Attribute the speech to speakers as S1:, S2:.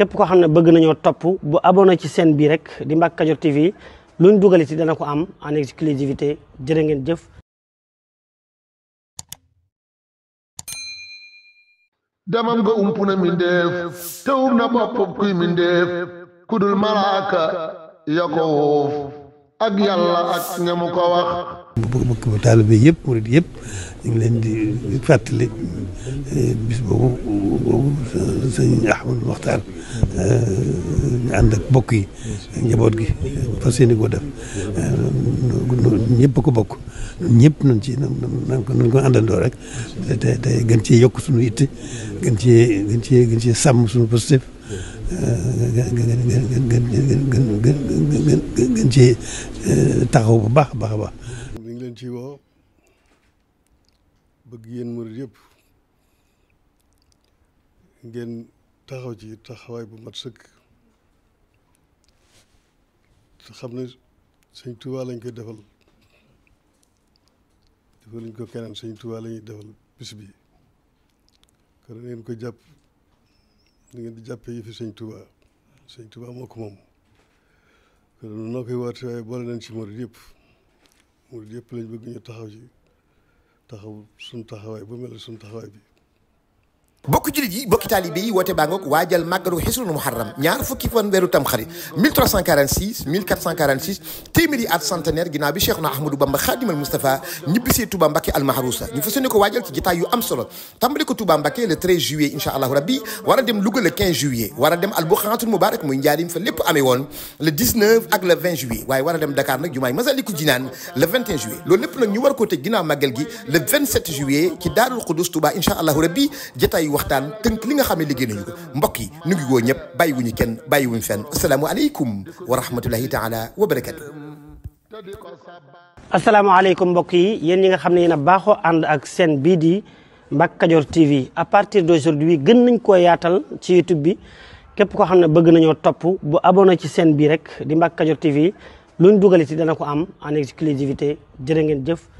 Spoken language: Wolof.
S1: képp koo xam ne bëgg nañoo topp bu abonné ci chaîne bi rek di Mbacke Kadior TV luñ dugal ci dana ko am en exclusivité jërë ngeen jëf damam nga ump na mindeef te um na
S2: boppam kuy mindeef kudul malaaka ya ak yàlla ak ñamu ko wax
S3: mbokk taalibe yëpp murid yëpp ñu ngi leen di eh, bis boobu sëñ Ahmadou Mokhtar ñu euh, ànd ak bokk yi njaboot gi fas yéene koo def euh, ñëpp ko bokk ñëpp nañ ci nañ ko nañ ko àndandoo rek te te gën ci yokk suñu it gën cee gën cee gën cee sàmm suñu positif gën ci euh, taxaw bu baax a baax a baax.
S2: ñu ciy woo bëgg yéen murid yëpp. ngeen taxaw ci taxawaay bu mat sëkk te xam ne sëñ Tuubaa lañ koy defal defaluñ ko keneen sëñ Tuubaa la ñuy defal bis bi kon ngeen ko jàpp da ngeen di jàppee yëfi sëñ Tuubaa sëñ Tuubaa moo ko moom kon noo koy waatee waaye boole nañ ci murid yëpp murid yëpp lañ bëgg ñu taxaw ci taxaw suñ taxawaay
S4: bu mel suñ taxawaay bi bokk jullit bokki taalibe yi woote baa ngoog waajal màggalu xisrul muharram ñaar fukki weeru tamxarit 1346 1446 téeméeri at centenaire ginnaaw bi Bamba Khadimal Moustapha ñibbisee Touba Mbacké almaharousa ñu fas yéene ko waajal le 13 juillet incha rabbi war a dem Louga le 15 juillet a dem albuxaatul mubarak muy njaarim fa lépp amee woon le 19 ak le 20 juillet waaye war a dem Dakar nag jumaay Masaliku Jinaan le 21 juillet loolu lépp nag ñu le 27 juillet ci Daarul Xudus Touba incha waxtaan tënk li nga xam ne liggéey nañu ko mbokk yi nu ngi woo ñëpp bàyyiwuñu kenn bàyyiwuñu fenn asalaamu aleykum wa rahmatullahi taala wa barakatu
S1: asalaamaaleykum mbokk yi yéen ñi nga xam ne yéen a baaxoo ànd ak seen bii di Mbacke Kadior TV à partir d'aujourd'hui gën nañ koo yaatal ci YouTube bi képp koo xam ne bëgg nañoo topp bu abonné ci seen bii rek di Mbacke Kadior TV luñ dugal ci dana ko am en exclusivité jërë jëf